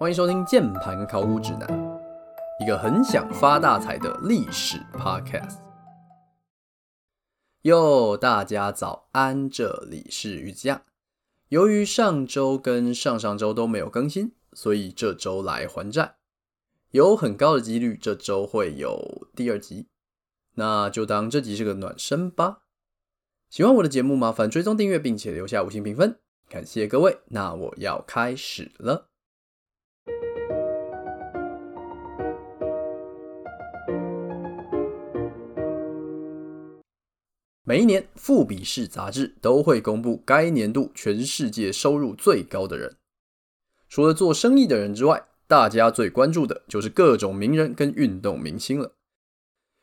歡迎收聽《鍵盤考古指南》，一個很想發大財的歷史 Podcast。喲，大家早安，這裡是魚子醬。由於上週跟上上週都沒有更新，所以這週來還債，有很高的幾率這週會有第二集，那就當這集是個暖身吧。喜歡我的節目，麻煩追蹤訂閱，並且留下五星評分，感謝各位。那我要開始了。每一年，《富比士》雜誌都會公布該年度全世界收入最高的人。除了做生意的人之外，大家最關注的就是各種名人跟運動明星了。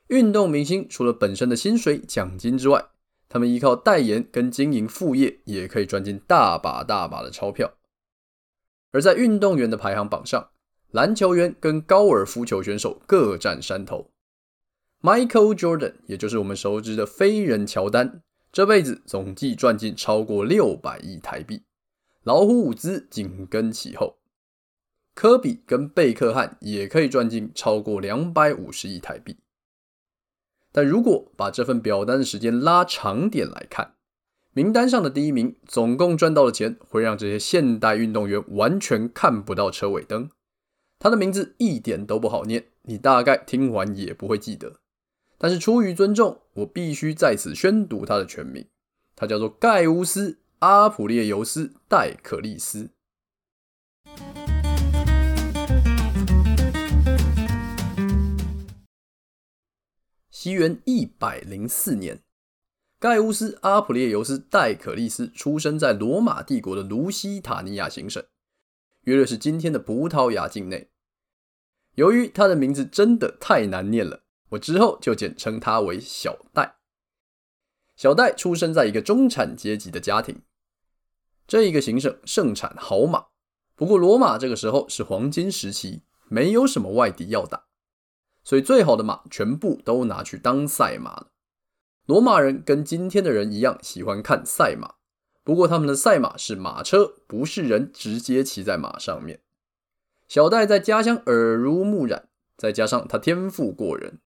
運動明星除了本身的薪水、獎金之外，他們依靠代言跟經營副業，也可以賺進大把大把的鈔票。而在運動員的排行榜上，籃球員跟高爾夫球選手各佔山頭。Michael Jordan，也就是我們熟知的飛人喬丹，這輩子總計賺進超過六百億台幣。老虎伍茲緊跟其後，科比跟貝克漢也可以賺進超過兩百五十億台幣。但如果把這份表單的時間拉長點來看，名單上的第一名總共賺到的錢會讓這些現代運動員完全看不到車尾燈。他的名字一點都不好念，你大概聽完也不會記得。但是出於尊重，我必須在此宣讀他的全名。他叫做蓋烏斯·阿普列尤斯·戴可利斯。西元一百零四年，蓋烏斯·阿普列尤斯·戴可利斯出生在羅馬帝國的盧西塔尼亞行省，約略是今天的葡萄牙境內。由於他的名字真的太難念了，我之後就簡稱他為小戴。小戴出生在一個中產階級的家庭，這一個行省盛產好馬。不過羅馬這個時候是黃金時期，沒有什麼外敵要打，所以最好的馬全部都拿去當賽馬了。羅馬人跟今天的人一樣喜歡看賽馬，不過他們的賽馬是馬車，不是人直接騎在馬上面。小戴在家鄉耳濡目染，再加上他天賦過人。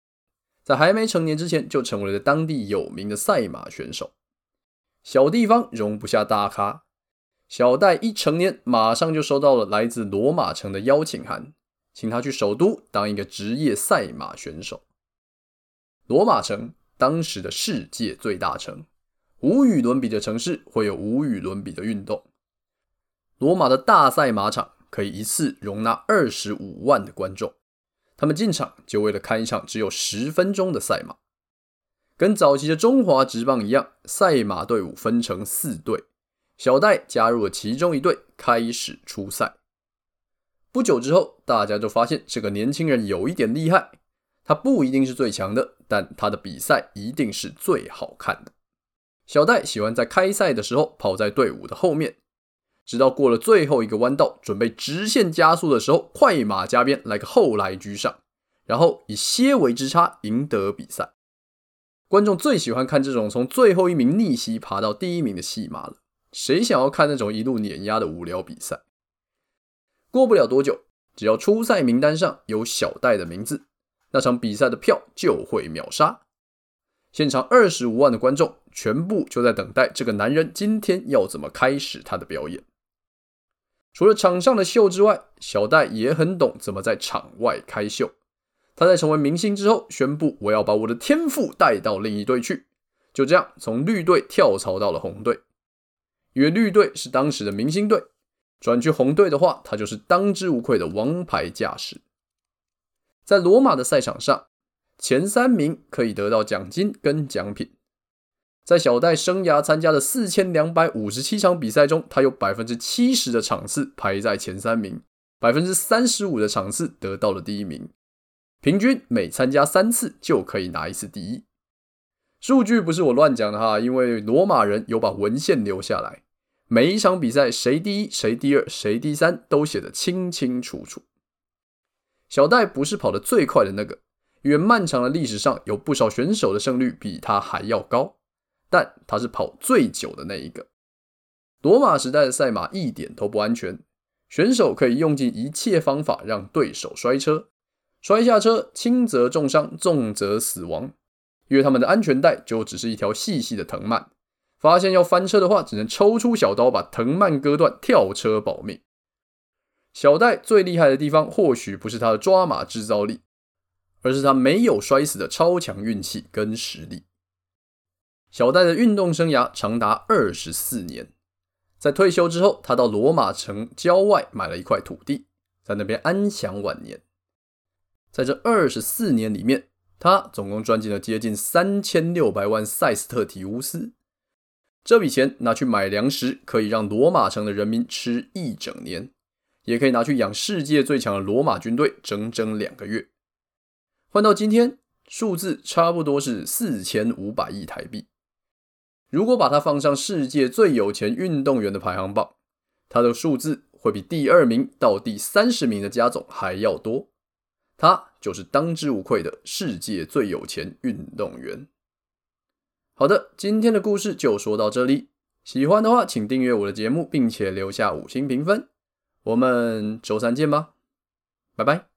在還沒成年之前，就成為了當地有名的賽馬選手。小地方容不下大咖。小戴一成年，馬上就收到了來自羅馬城的邀請函，請他去首都當一個職業賽馬選手。羅馬城，當時的世界最大城，無與倫比的城市，會有無與倫比的運動。羅馬的大賽馬場可以一次容納二十五萬的觀眾。他們進場就為了看一場只有十分鐘的賽馬，跟早期的中華職棒一樣，賽馬隊伍分成四隊，小戴加入了其中一隊，開始出賽。不久之後，大家就發現這個年輕人有一點厲害，他不一定是最強的，但他的比賽一定是最好看的。小戴喜歡在開賽的時候跑在隊伍的後面。直到過了最後一個彎道，準備直線加速的時候，快馬加鞭來個後來居上，然後以些微之差贏得比賽。觀眾最喜歡看這種從最後一名逆襲爬到第一名的戲碼了。誰想要看那種一路碾壓的無聊比賽？過不了多久，只要初賽名單上有小戴的名字，那場比賽的票就會秒殺。現場二十五萬的觀眾全部就在等待這個男人今天要怎麼開始他的表演。除了場上的秀之外，小戴也很懂怎麼在場外開秀。他在成為明星之後宣布：“我要把我的天賦帶到另一隊去。”就這樣，從綠隊跳槽到了紅隊。因為綠隊是當時的明星隊，轉去紅隊的話，他就是當之無愧的王牌駕駛。在羅馬的賽場上，前三名可以得到獎金跟獎品。在小戴生涯參加的四千兩百五十七場比賽中，他有百分之七十的場次排在前三名，百分之三十五的場次得到了第一名。平均每參加三次就可以拿一次第一。數據不是我亂講的哈，因為羅馬人有把文獻留下來，每一場比賽誰第一、誰第二、誰第三都寫得清清楚楚。小戴不是跑得最快的那個，因為漫長的歷史上有不少選手的勝率比他還要高。但他是跑最久的那一個。羅馬時代的賽馬一點都不安全，選手可以用盡一切方法讓對手摔車，摔下車輕則重傷，重則死亡，因為他們的安全帶就只是一條細細的藤蔓。發現要翻車的話，只能抽出小刀把藤蔓割斷，跳車保命。小戴最厲害的地方，或許不是他的抓馬製造力，而是他沒有摔死的超強運氣跟實力。小戴的運動生涯長達二十四年，在退休之後，他到羅馬城郊外買了一塊土地，在那邊安享晚年。在這二十四年裡面，他總共賺進了接近三千六百萬塞斯特提烏斯，這筆錢拿去買糧食，可以讓羅馬城的人民吃一整年，也可以拿去養世界最強的羅馬軍隊整整兩個月。換到今天，數字差不多是四千五百億台幣。如果把他放上世界最有錢運動員的排行榜，他的數字會比第二名到第三十名的加總還要多。他就是當之無愧的世界最有錢運動員。好的，今天的故事就說到這裡。喜歡的話，請訂閱我的節目，並且留下五星評分。我們週三見吧，拜拜。